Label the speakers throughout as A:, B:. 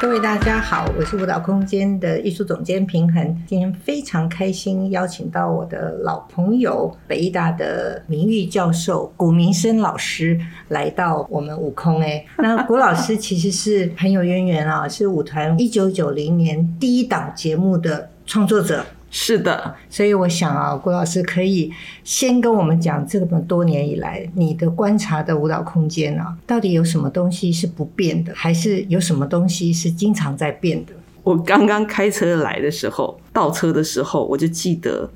A: 各位大家好，我是舞蹈空間的藝術總監平珩。今天非常開心，邀請到我的老朋友北藝大的名譽教授古名伸老師來到我們舞空誒、欸。那古老師其實是很有淵源啊，是舞團一九九零年第一檔節目的創作者。是的，所以我想啊，古老師可以先跟我們講，這麼多年以來，你的觀察的舞蹈空間啊，到底有什麼東西是不變的，還是有什麼東西是經常在變的？
B: 我剛剛開車來的時候，倒車的時候，我就記得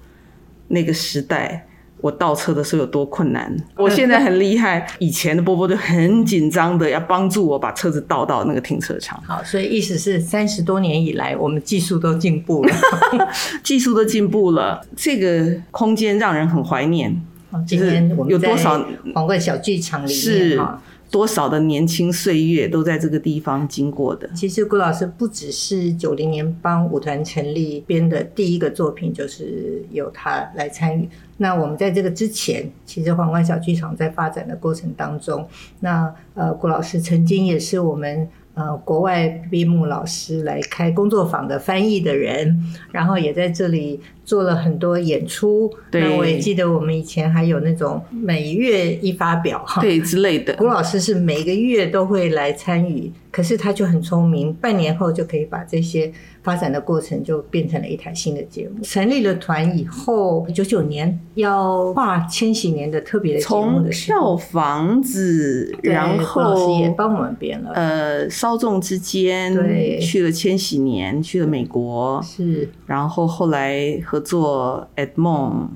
B: 那個時代。我倒車的時候有多困難？我現在很厲害，以前的波波就很緊張的要幫助我把車子倒到那個停車場。好，所以意思是三十多年以來，我們技術都進步了， 技術都進步了。這個空間讓人很懷念。今天我
A: 們在有多少皇冠小劇場裡面是多少的年輕歲月都在這個地方經過的？其實古老師不只是九零年幫舞團成立編的第一個作品，就是由他來參與。那我們在這個之前，其實皇冠小劇場在發展的過程當中，那呃，古老師曾經也是我們呃國外閉幕老師來開工作坊的翻譯的人，然後也在這裡。做了很多演出，對那我也記得我們以前還有那種每月一發表對之類的。古老師是每個月都會來參與，可是他就很聰明，半年後就可以把這些發展的過程就變成了一台新的節目。成立了團以後，九九年要畫千禧年的特別的,的從票房子，然後古老師也幫我們編了，
B: 呃，稍縱之間對去了千禧年，去了美國，是，然後後來。合作《At Moon》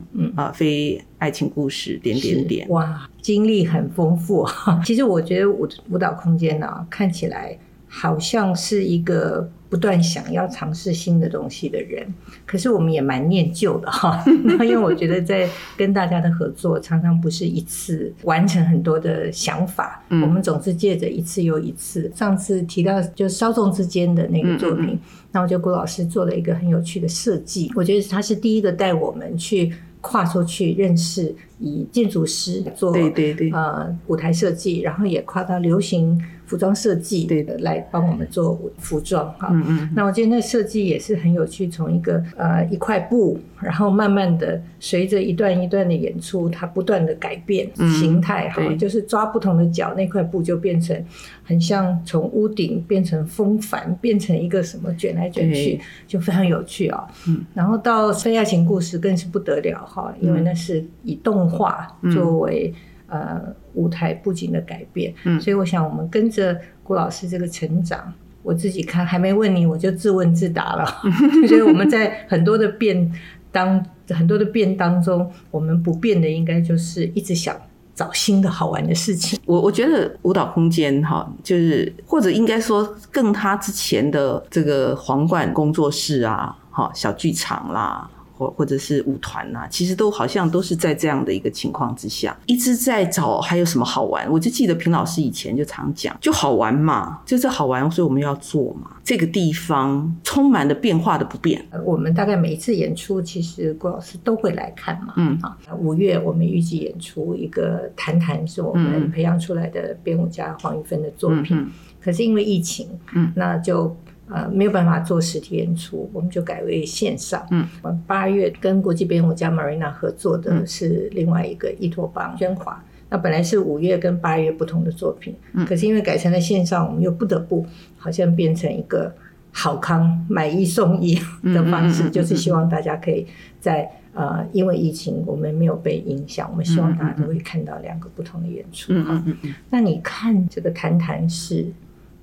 B: 啊，非愛情故事點點點，
A: 哇，經歷很豐富哦。其實我覺得舞舞蹈空間呢，啊，看起來好像是一個，不斷想要嘗試新的東西的人，可是我們也蠻念舊的哈、啊。 因為我覺得在跟大家的合作，常常不是一次完成很多的想法，嗯、我們總是借着一次又一次。上次提到就稍縱之間的那個作品，嗯嗯嗯，那我就古老師做了一個很有趣的設計。我覺得他是第一個帶我們去跨出去認識，以建築師做對對對呃舞台設計，然後也跨到流行，服裝設計對的，來幫我們做服裝哈。嗯嗯對。那我覺得那設計也是很有趣，從一個呃一塊布，然後慢慢的隨着一段一段的演出，它不斷的改變形態哈，嗯、就是抓不同的角，那塊布就變成很像從屋頂變成風帆，變成一個什麼卷來卷去，對就非常有趣啊、哦。嗯。然後到《非愛情故事》更是不得了哈，因為那是以動畫作為。呃，舞台布景的改變，嗯，所以我想我們跟着古老師這個成長，我自己看還沒問你，我就自問自答了。 所以我們在很多的變當，很多的變當中，我們不變的應該就是一直想找新的好玩的
B: 事情。我我覺得舞蹈空間哈、哦，就是或者應該說更他之前的這個皇冠工作室啊，哈、哦，小劇場啦。或或者是舞團吶、啊，其實都好像都是在這樣的一個情況之下，一直在找還有什麼好玩。我就記得平老師以前就常講，就好玩嘛，就是好玩，所以我們要做嘛。這個地方充滿了變化的不變、
A: 呃。我們大概每一次演出，其實古老師都會來看嘛。嗯啊，五月我們預計演出一個《談談》，是我們培養出來的編舞家黃玉芬的作品。嗯嗯、可是因為疫情，嗯，那就。呃，沒有辦法做實體演出，我們就改為線上。嗯，八月跟國際編舞家 Marina 合作的是另外一個、嗯、異托邦，喧嘩、嗯。那本來是五月跟八月不同的作品，嗯、可是因為改成了線上，我們又不得不好像變成一個好康買一送一的方式，嗯嗯嗯嗯、就是希望大家可以在呃，因為疫情我們沒有被影響，我們希望大家都會看到兩個不同的演出。嗯嗯。那你看這個談談是？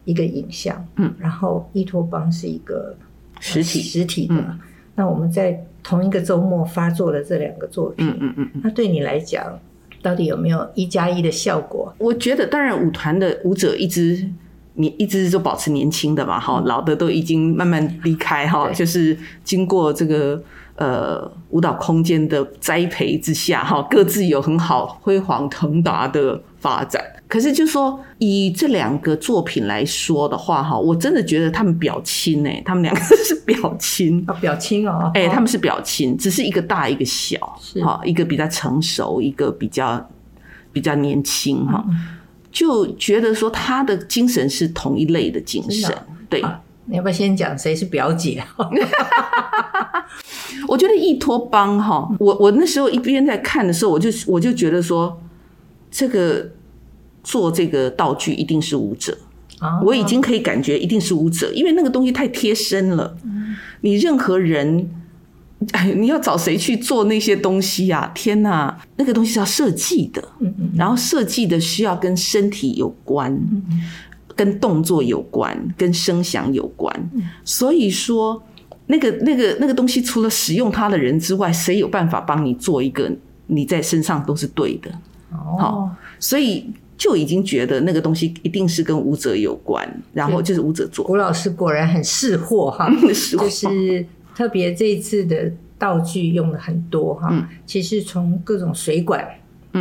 A: 一個影像，嗯，然後異托邦是一個實體實體的、嗯、那我們在同一個週末發作了這兩個作品，嗯嗯嗯。嗯嗯，那對你來講，到底有沒有一加一的效果？我覺得，當然舞團的舞者一直
B: 年一直都保持年輕的嘛，哈，嗯、老的都已經慢慢離開哈對，就是經過這個呃。舞蹈空間的栽培之下，哈，各自有很好、輝煌騰達的發展。可是，就是，就說以這兩個作品來說的話，哈，我真的覺得他們表親呢、欸？他們兩個是表親啊、哦，表親哦。哎、欸，他們是表親，只是一個大一個小，是哈，一個比較成熟，一個比較比較年輕，哈、嗯，就覺得說他的精神是同一類的精神，啊、對。啊
A: 你要不要先講誰是表姐？
B: 我覺得《異托邦》哈，我我那時候一邊在看的時候，我就我就覺得說，這個做這個道具一定是舞者、
A: 哦、我已經可
B: 以感覺一定是舞者，因為那個東西太貼身了。嗯、你任何人哎，你要找誰去做那些東西呀、啊？天哪、啊，那個東西是要設計的，嗯嗯然後設計的需要跟身體有關。嗯嗯跟動作有關，跟聲響有關，嗯、所以說那個那個那個東西，除了使用它的人之外，誰有辦法幫你做一個你在身上都是對的、哦哦。所以就已經覺得那個東西一定是跟舞者有關，
A: 然後就是舞者做。古老師果然很識貨 哈，就是特別這一次的道具用了很多哈，嗯、其實從各種水管。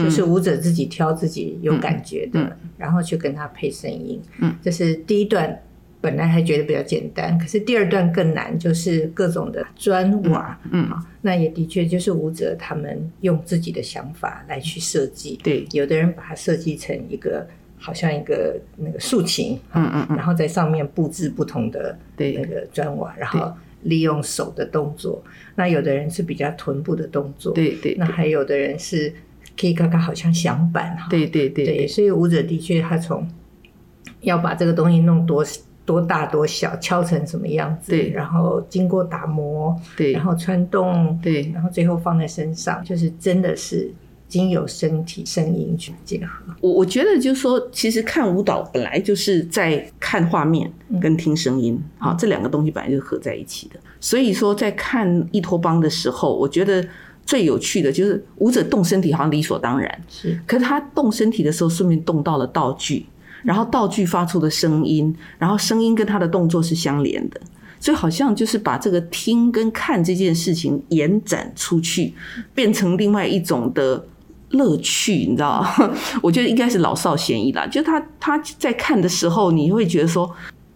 A: 就是舞者自己挑自己有感覺的，嗯嗯、然後去跟他配聲音。嗯，這是第一段，本來還覺得比較簡單，可是第二段更難，就是各種的磚瓦。嗯，嗯那也的確就是舞者他們用自己的想法來去設計。對，有的人把它設計成一個好像一個那個豎琴。嗯嗯然後在上面布置不同的那個磚瓦，對然後利用手的動作。那有的人是比較臀部的動作。對對，對那還有的人是。可以剛剛好像響版哈。對對對，對，對。所以舞者的確，他從要把這個東西弄多多大、多小，敲成什麼樣子，對然後經過打磨，對，然後穿洞，對，然後最後放在身上，就是真的是經由身體、聲音去結合。
B: 我我覺得，就是說其實看舞蹈本來就是在看畫面跟聽聲音，好、嗯嗯，這兩個東西本來就是合在一起的。所以說，在看《一托邦》的時候，我覺得。最有趣的就是舞者動身體好像理所當然，是。可是他動身體的時候，順便動到了道具，然後道具發出的聲音，然後聲音跟他的動作是相連的，所以好像就是把這個聽跟看這件事情延展出去，變成另外一種的樂趣，你知道嗎？ 我覺得應該是老少咸宜啦。就他他在看的時候，你會覺得說，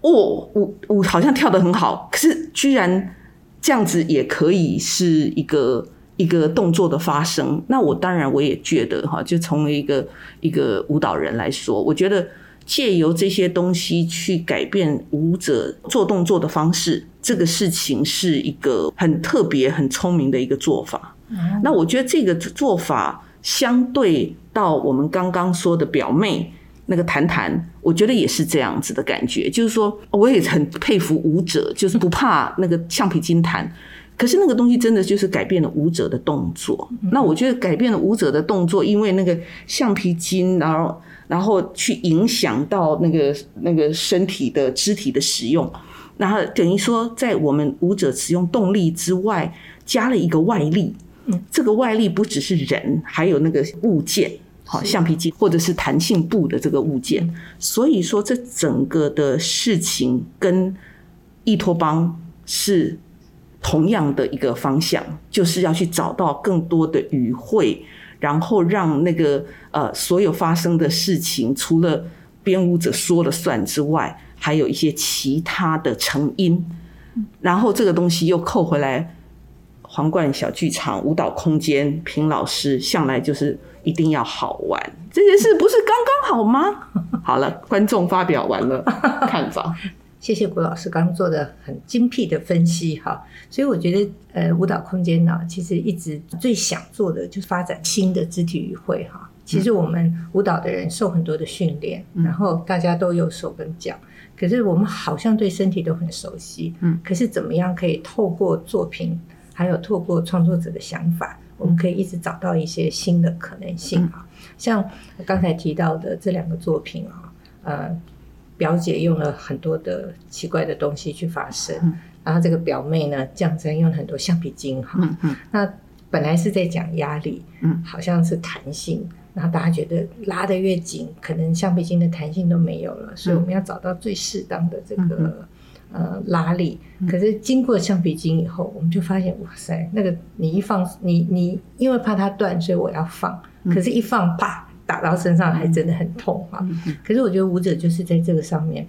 B: 哦，舞舞好像跳得很好，可是居然這樣子也可以是一個。一個動作的發生，那我當然我也覺得哈，就從一個一個舞蹈人來說，我覺得借由這些東西去改變舞者做動作的方式，這個事情是一個很特別、很聰明的一個做法。嗯、那我覺得這個做法相對到我們剛剛說的表妹那個彈彈，我覺得也是這樣子的感覺，就是說我也很佩服舞者，就是不怕那個橡皮筋彈。 可是那個東西真的就是改變了舞者的動作。嗯、那我覺得改變了舞者的動作，因為那個橡皮筋，然後然後去影響到那個那個身體的肢體的使用，然後等於說在我們舞者使用動力之外，加了一個外力。嗯、這個外力不只是人，還有那個物件，好是橡皮筋或者是彈性布的這個物件。嗯、所以說，這整個的事情跟異托邦是。同樣的一個方向，就是要去找到更多的語彙，然後讓那個呃所有發生的事情，除了編舞者說了算之外，還有一些其他的成因。然後這個東西又扣回來，皇冠小劇場、舞蹈空間平老師向來就是一定要好玩，
A: 這件事不是剛剛好嗎？
B: 好了，觀眾發表完了
A: 看法。謝謝古老師剛剛做的很精闢的分析哈，所以我覺得呃舞蹈空間呢，其實一直最想做的就是發展新的肢體語彙哈。其實我們舞蹈的人受很多的訓練，然後大家都有手跟腳，可是我們好像對身體都很熟悉，嗯。可是怎麼樣可以透過作品，還有透過創作者的想法，我們可以一直找到一些新的可能性哈，像剛才提到的這兩個作品啊，呃。表姐用了很多的奇怪的東西去發聲，嗯、然後這個表妹呢，這樣子用了很多橡皮筋哈。嗯嗯、那本來是在講壓力，嗯，好像是彈性，然後大家覺得拉得越緊，可能橡皮筋的彈性都沒有了，嗯、所以我們要找到最適當的這個、嗯、呃拉力。嗯、可是經過橡皮筋以後，我們就發現，哇塞，那個你一放，你你因為怕它斷，所以我要放，嗯、可是一放，啪。打到身上還真的很痛哈，啊，可是我覺得舞者就是在這個上面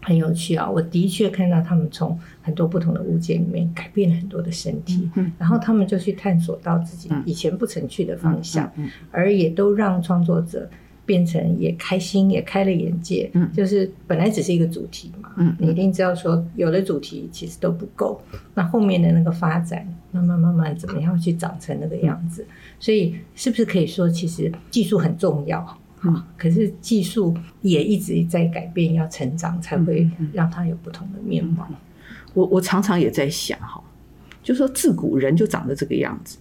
A: 很有趣啊。我的確看到他們從很多不同的物件裡面改變了很多的身體，然後他們就去探索到自己以前不曾去的方向，而也都讓創作者變成也開心也開了眼界。就是本來只是一個主題嘛，你一定知道說有的主題其實都不夠，那後面的那個發展，慢慢慢慢怎麼樣去長成那個樣子。所以是不是可以說，其實技術很重要啊？嗯、可是技術也一直在改變，嗯、要成長才會讓它有不同的面貌。
B: 我、嗯、我常常也在想哈，就說自古人就長得這個樣子，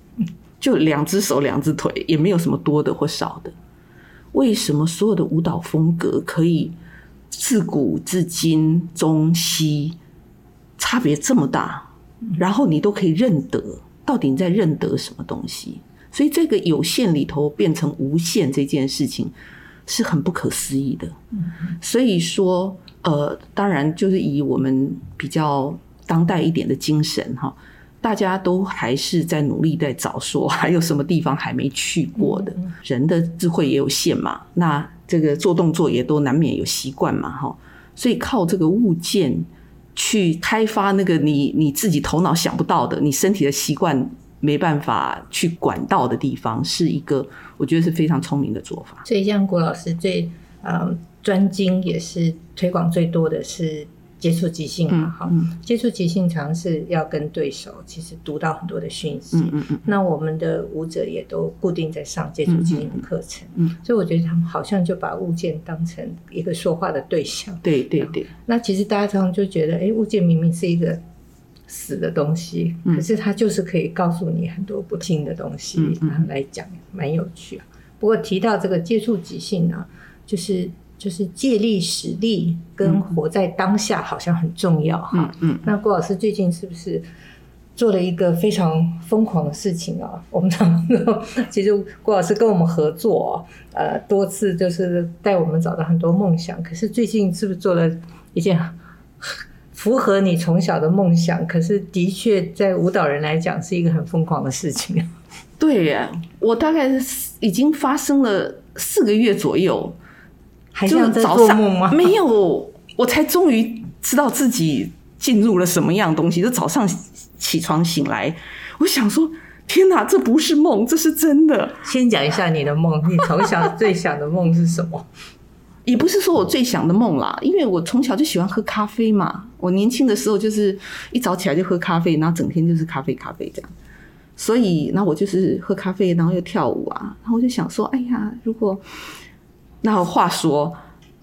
B: 就兩隻手兩隻腿，也沒有什麼多的或少的。為什麼所有的舞蹈風格可以自古至今中西差別這麼大？然後你都可以認得，到底你在認得什麼東西？所以這個有限裡頭變成無限這件事情，是很不可思議的。所以說，呃，當然就是以我們比較當代一點的精神哈，大家都還是在努力在找，說還有什麼地方還沒去過的。人的智慧也有限嘛，那這個做動作也都難免有習慣嘛，哈。所以靠這個物件去開發那個你你自己頭腦想不到的，你身體的習慣。沒辦法去管道的地方，是一個我覺得是非常聰明的做法。
A: 所以像古老師最呃專精也是推廣最多的是接觸即興嘛，啊、哈，嗯嗯，接觸即興常是要跟對手其實讀到很多的訊息。嗯嗯，嗯那我們的舞者也都固定在上接觸即興的課程。嗯，嗯，嗯。所以我覺得他們好像就把物件當成一個說話的對象。對對對。那其實大家通常，常就覺得，哎，物件明明是一個。死的東西，可是它就是可以告訴你很多不幸的東西，然後來講蠻有趣啊。不過提到這個接觸即興呢，就是就是借力使力跟活在當下好像很重要哈。嗯，那古老師最近是不是做了一個非常瘋狂的事情啊？我們其實古老師跟我們合作，呃，多次就是帶我們找到很多夢想，可是最近是不是做了一件？符合你從小的夢想，可是的確在舞蹈人來講是一個很瘋狂的事情。
B: 對呀，我大概是已經發生了四個月左右，
A: 還是在做夢嗎？沒有，我才
B: 終於知道自己進入了什麼樣東西。就早上起床醒來，我想說：天哪，這不是夢，這是真的。先講一下你的夢， 你從小最想的夢是什麼？也不是說我最想的夢啦，因為我從小就喜歡喝咖啡嘛。我年輕的時候就是一早起來就喝咖啡，然後整天就是咖啡咖啡這樣。所以，那我就是喝咖啡，然後又跳舞啊。然後我就想說，哎呀，如果那話說，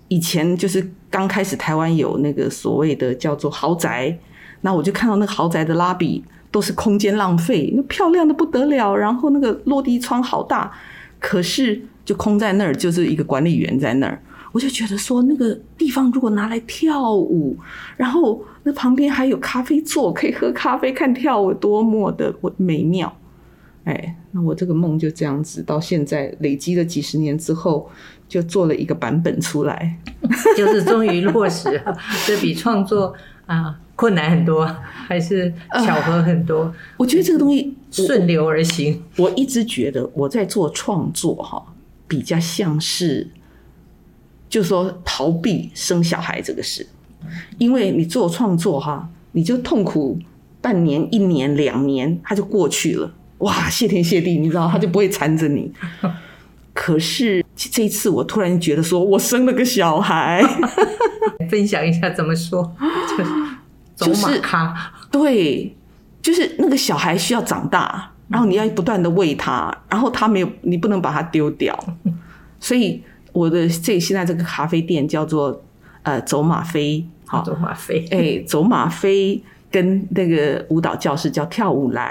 B: 以前就是剛開始台灣有那個所謂的叫做豪宅，那我就看到那個豪宅的 Lobby 都是空間浪費，那漂亮的不得了，然後那個落地窗好大，可是就空在那兒，就是一個管理員在那兒。我就覺得說那個地方如果拿來跳舞，然後那旁邊還有咖啡座可以喝咖啡看跳舞，多麼的美妙！哎，那我這個夢就這樣子到現在累積了幾十年之後，就做了一個版本出來，
A: 就是終於落實了。 這比創作啊困難很多，還是巧合很多。啊，我覺得這個東西順流而行。我，我一直覺得我在做創作哈，
B: 比較像是。就說逃避生小孩這個事，因為你做創作哈，你就痛苦半年、一年、兩年，他就過去了，哇，謝天謝地，你知道，他就不會纏着你。 可是這一次，我突然覺得說，說我生了個小孩，
A: 分享一下怎麼說，就是就是走
B: 馬啡，對，
A: 就是那個小
B: 孩需要長大，然後你要不斷地餵他，然後他沒有，你不能把他丟掉，所以。我的這現在這個咖啡店叫做呃走馬啡，好，走馬啡，哎、欸，走馬啡跟那個舞蹈教室叫跳舞藍，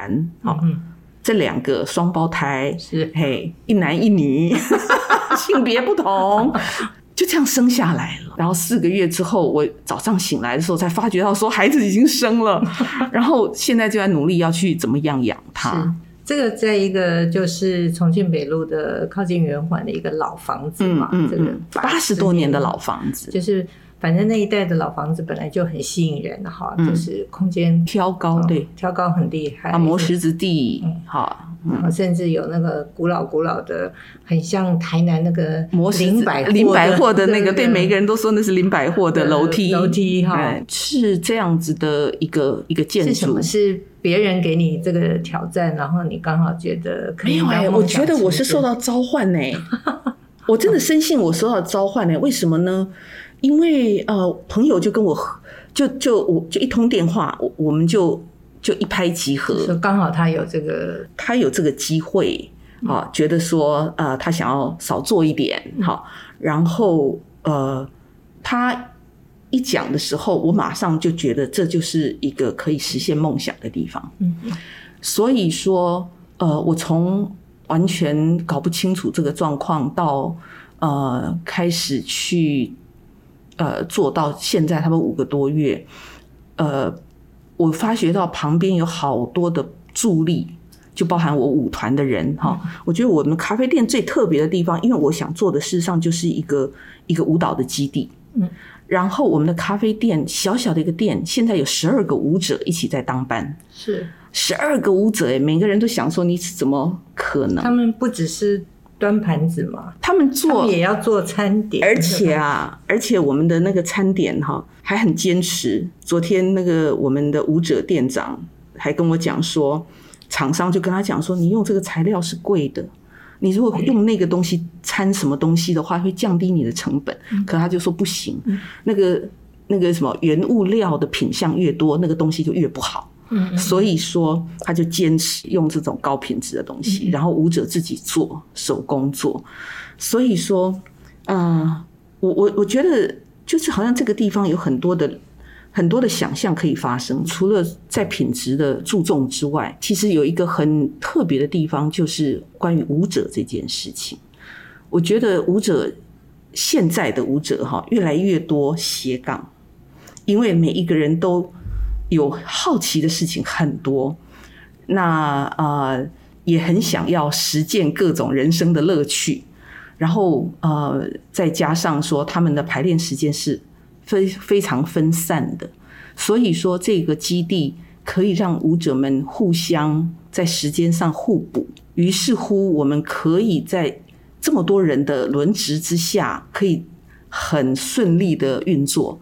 A: 好、嗯嗯喔，
B: 這兩個雙胞胎是，嘿、欸，一男一女，是 性別不同， 就這樣生下來了。然後四個月之後，我早上醒來的時候才發覺到說孩子已經生了， 然後現在就在努力要去怎麼樣養他。
A: 這個在一個就是重慶北路的靠近圓環的一個老房子嘛，這個八十多年的老房子，就是，嗯。嗯反正那一代的老房子本來就很吸引人哈，就是空間挑高，對挑高很厲害啊，磨石子地，好，甚至有那個古老古老的，很像台南那個磨石林百百貨的那個，對，每個
B: 人都說那是林百貨的樓梯樓梯
A: 哈，是這樣子的一個一個建築，是什麼？是別人給你這個挑戰，然後你剛好覺得，沒有哎，我覺得我是受到召喚呢，
B: 我真的深信我受到召喚呢，為什麼呢？因為呃，朋友就跟我，就就我就一通電話，我我們就就一拍即合。就剛好他有這個，他有這個機會啊、呃，覺得說呃，他想要少做一點哈，嗯、然後呃，他一講的時候，我馬上就覺得這就是一個可以實現夢想的地方。嗯，所以說呃，我從完全搞不清楚這個狀況到呃，開始去。呃，做到現在他們五個多月，呃，我發覺到旁邊有好多的助力，就包含我舞團的人哈、嗯哦。我覺得我們咖啡店最特別的地方，因為我想做的事實上就是一個一個舞蹈的基地。嗯，然後我們的咖啡店小小的一個店，現在有十二個舞者一起在當班，是十二個舞者哎，每個人都想說你怎麼可能？他
A: 們不只是。端盤子嘛，他們做也要做餐點，而且啊，
B: 而且我們的那個餐點哈還很堅持。昨天那個我們的舞者店長還跟我講說，廠商就跟他講說，你用這個材料是貴的，你如果用那個東西摻什麼東西的話，會降低你的成本。可他就說不行，那個那個什麼原物料的品項越多，那個東西就越不好。所以說，他就堅持用這種高品質的東西，然後舞者自己做，手工做。所以說，嗯、呃，我我我覺得，就是好像這個地方有很多的很多的想象可以發生。除了在品質的注重之外，其實有一個很特別的地方，就是關於舞者這件事情。我覺得舞者現在的舞者哈，越來越多斜槓，因為每一個人都。有好奇的事情很多，那呃也很想要實踐各種人生的樂趣，然後呃再加上說他們的排練時間是非非常分散的，所以說這個基地可以讓舞者們互相在時間上互補，於是乎我們可以在這麼多人的輪值之下，可以很順利的運作。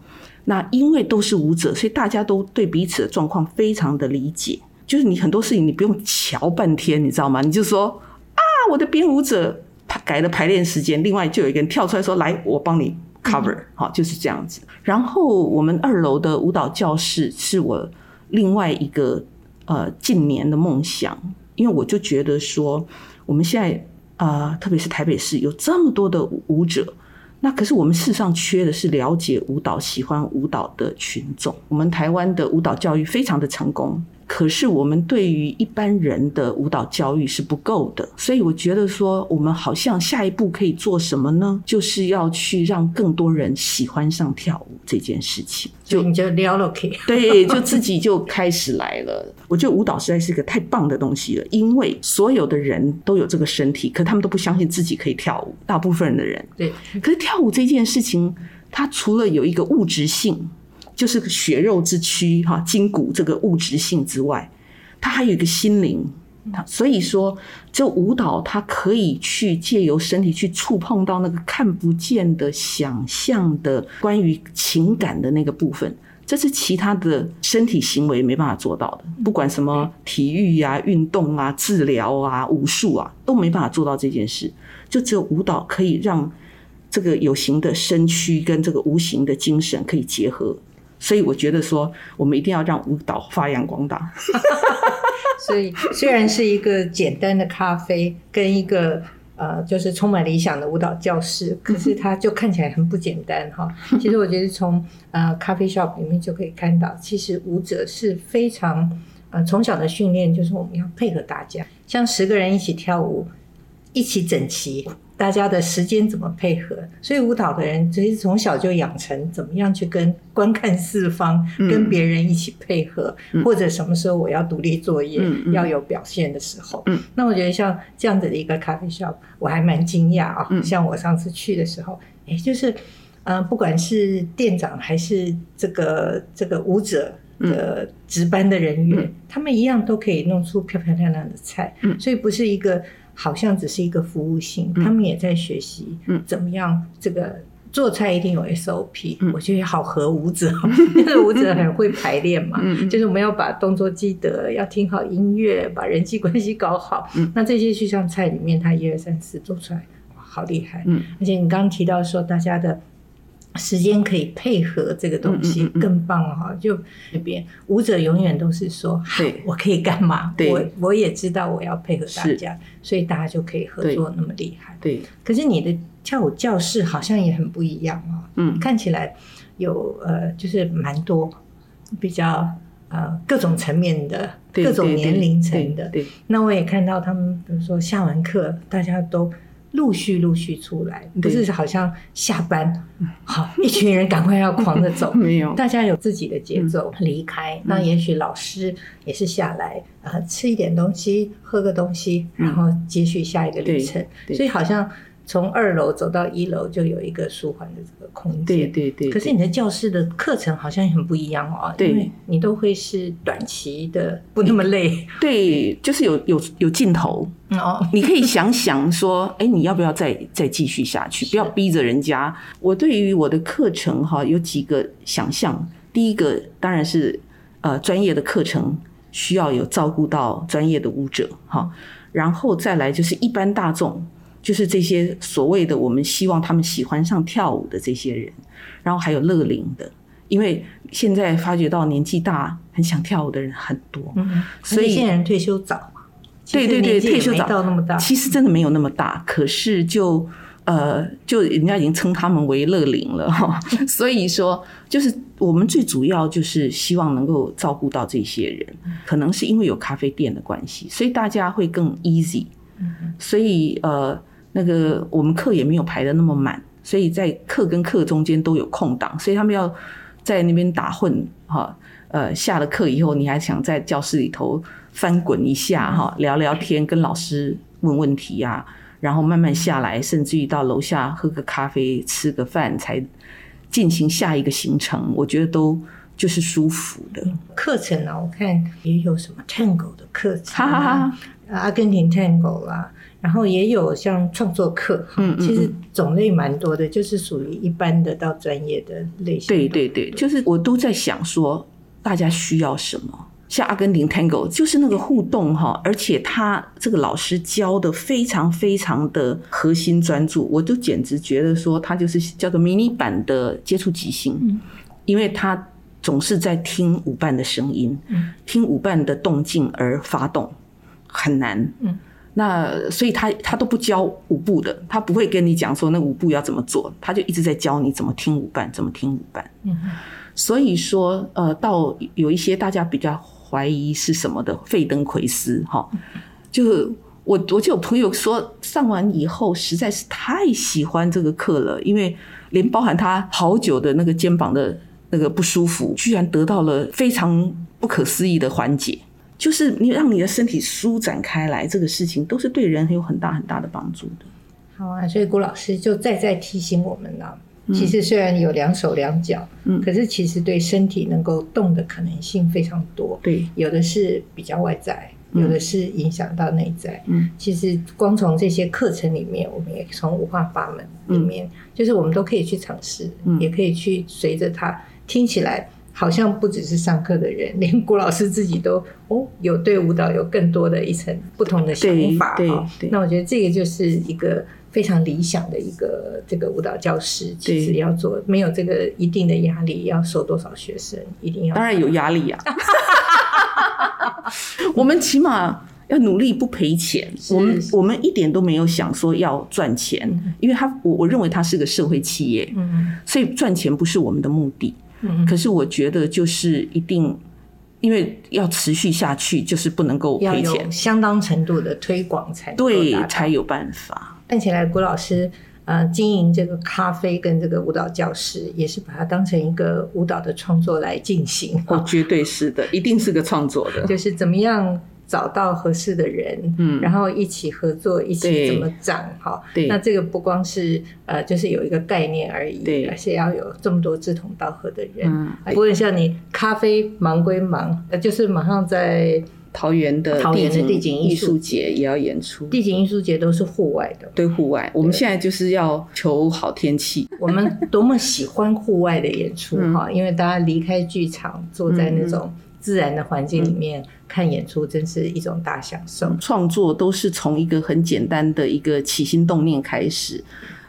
B: 那因為都是舞者，所以大家都對彼此的狀況非常的理解。就是你很多事情你不用瞧半天，你知道嗎？你就說啊，我的編舞者他改了排練時間，另外就有一個人跳出來說，來我幫你 cover，好，就是這樣子。然後我們二樓的舞蹈教室是我另外一個呃近年的夢想，因為我就覺得說，我們現在啊、呃，特別是台北市有這麼多的舞者。那可是我們世上缺的是了解舞蹈、喜歡舞蹈的群眾。我們台灣的舞蹈教育非常的成功。可是我們對於一般人的舞蹈教育是不夠的，所以我覺得說，我們好像下一步可以做什麼呢？就是要去讓更多人喜歡上跳舞這件事情，就你就撩了 K，對，就自己就開始來了。 我覺得舞蹈實在是一個太棒的東西了，因為所有的人都有這個身體，可他們都不相信自己可以跳舞。大部分的人，對，可是跳舞這件事情，它除了有一個物質性。就是血肉之軀哈，筋骨這個物質性之外，它還有一個心靈。所以說，這舞蹈它可以去借由身體去觸碰到那個看不見的、想象的關於情感的那個部分，這是其他的身體行為沒辦法做到的。不管什麼體育呀、啊、運動啊、治療啊、武術啊，都沒辦法做到這件事。就只有舞蹈可以讓這個有形的身軀跟這個無形的精神可以結合。所以我覺得說，我們一定要讓舞蹈發揚光大。
A: 所以雖然是一個簡單的咖啡，跟一個呃，就是充滿理想的舞蹈教室，可是它就看起來很不簡單哈、哦。其實我覺得從呃咖啡 shop 裡面就可以看到，其實舞者是非常呃從小的訓練，就是我們要配合大家，像十個人一起跳舞，一起整齊。大家的時間怎麼配合？所以舞蹈的人其實從小就養成怎麼樣去跟觀看四方，嗯、跟別人一起配合，嗯、或者什麼時候我要獨立作業，嗯嗯、要有表現的時候。嗯、那我覺得像這樣子的一個咖啡 shop，我還蠻驚訝啊。像我上次去的時候，哎、嗯欸，就是，嗯、呃，不管是店長還是這個這個舞者的值班的人員，嗯、他們一樣都可以弄出漂漂亮亮的菜。所以不是一個。好像只是一個服務性，嗯、他們也在學習怎麼樣、嗯、這個做菜一定有 SOP，嗯、我覺得好和舞者，嗯、因為舞者很會排練嘛，嗯、就是我們要把動作記得，要聽好音樂，把人際關係搞好，嗯、那這些去像菜裡面，他一、二、三、四做出來，好厲害！嗯、而且你剛剛提到說大家的。時間可以配合這個東西、嗯嗯嗯、更棒哈、哦，就那邊舞者永遠都是說，好對、啊，我可以幹嘛？對我我也知道我要配合大家，是所以大家就可以合作那麼厲害對。對，可是你的跳舞教室好像也很不一樣啊、哦，嗯，看起來有呃，就是蠻多比較呃各種層面的對對對各種年齡層的。對，對，對，對對對那我也看到他們，比如說下完課大家都。陸續陸續出來，可是好像下班，對好一群人趕快要狂的走， 沒有，大家有自己的節奏離、嗯、開。那也許老師也是下來，嗯、吃一點東西，喝個東西，然後繼續下一個旅程。所以好像。從二樓走到一樓就有一個舒緩的這個空間。對對對，對。可是你的教室的課程好像很不一樣哦，對你都會是短期的，不那麼累。對，對
B: 對就是有有有盡頭、嗯、哦。你可以想想說，哎、 欸，你要不要再再繼續下去？不要逼着人家。是我對於我的課程哈，有幾個想象。第一個當然是呃專業的課程需要有照顧到專業的舞者哈，然後再來就是一般大眾，就是這些所謂的我們希望他們喜歡上跳舞的這些人，然後還有樂齡的，因為現在發覺到年紀大很想跳舞的人很多，嗯嗯，
A: 所以現在人退
B: 休早嘛，其實 對對對，到退休早那麼大？嗯，其實真的沒有那麼大，嗯，可是就呃就人家已經稱他們為樂齡了，嗯、 所以說就是我們最主要就是希望能夠照顧到這些人，嗯，可能是因為有咖啡店的關係，所以大家會更 easy，嗯、所以呃。那個我們課也沒有排得那麼滿，所以在課跟課中間都有空檔，所以他們要在那邊打混哈。呃，下了課以後，你還想在教室裡頭翻滾一下哈，聊聊天，跟老師問問題呀、啊，然後慢慢下來，甚至於到樓下喝個咖啡，吃個飯，才進行下一個行程。我覺得都就是舒服的
A: 課程啊，我看也有什麼探戈的課程、啊，哈哈，哈哈，阿根廷探戈啊。然後也有像創作課，嗯，嗯，嗯，其實種類蠻多的，就是屬於一般的到專業的類型的。對對對，對就是我都
B: 在想說，大家需要什麼？像阿根廷 Tango，就是那個互動哈，嗯、而且他這個老師教的非常非常的核心專注，我都簡直覺得說，他就是叫做迷你版的接觸即興，嗯、因為他總是在聽舞伴的聲音，嗯，聽舞伴的動靜而發動，很難，嗯。那所以他他都不教舞步的，他不會跟你講說那舞步要怎麼做，他就一直在教你怎麼聽舞伴，怎麼聽舞伴。嗯哼。所以說，呃，到有一些大家比較懷疑是什麼的，費登奎斯哈，就我我就有朋友說，上完以後實在是太喜歡這個課了，因為連包含他好久的那個肩膀的那個不舒服，居然得到了非常不可思議的緩解。就是你讓你的身體舒展開來，這個事情都是對人有很大很大的幫助的。
A: 好啊，所以古老師就再再提醒我們了，啊。嗯，其實雖然有兩手兩腳，嗯，可是其實對身體能夠動的可能性非常多。對，有的是比較外在，有的是影響到內在。嗯，其實光從這些課程裡面，我們也從五花八門裡面，嗯，就是我們都可以去嘗試，嗯，也可以去隨着它聽起來。好像不只是上課的人，連古老師自己都哦，有對舞蹈有更多的一層不同的想法對,對,對那我覺得這個就是一個非常理想的一個這個舞蹈教室，其實要做對沒有這個一定的壓力，要收多少學生，一定要當然有壓力啊。我們起碼
B: 要努力不賠錢。是是是我們我們一點都沒有想說要賺錢，嗯、因為他我我認為它是個社會企業，嗯，所以賺錢不是我們的目的。可是我覺得就是一定，因為要持續下去，就是不能夠賠錢，
A: 相當程度的推廣才對才有辦法。看起來古老師呃經營這個咖啡跟這個舞蹈教室，也是把它當成一個舞蹈的創作來進行。我、哦、
B: 絕對是的， 一定是個創作的，就
A: 是怎麼樣。找到合適的人，嗯，然後一起合作，一起怎麼展哈？那這個不光是呃，就是有一個概念而已，而且要有這麼多志同道合的人。嗯，不會像你，咖啡忙歸忙，呃，就是馬上在桃園的桃園的地景藝術節也要演出，地景藝術節都是戶外的，對，戶外。我們現在就是要求好天氣，我們多麼喜歡戶外的演出哈，因為大家離開劇場，坐在那種。自然的環境裡面、嗯、看演出，真是一種大享
B: 受。嗯、創作都是從一個很簡單的一個起心動念開始，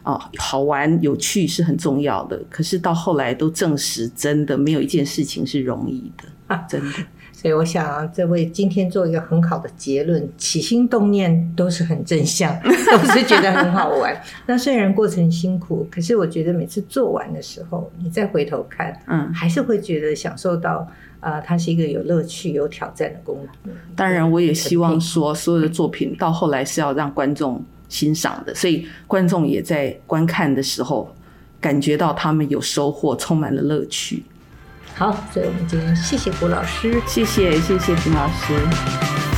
B: 啊、好玩有趣是很重要的。可是到後來都證實，真的沒有一件事情是容易的，
A: 真的。啊、所以我想，這位今天做一個很好的結論：起心動念都是很正向，都是覺得很好玩。 那雖然過程辛苦，可是我覺得每次做完的時候，你再回頭看，嗯，還是會覺得享受到。啊、呃，它是一個有樂趣、有挑戰的功能。嗯、
B: 當然，我也希望說，所有的作品到後來是要讓觀眾欣賞的，所以觀眾也在觀看的時候感覺到他們有收穫，充滿了樂趣。
A: 好，所以我們今天謝謝古老師，謝謝謝謝平老師。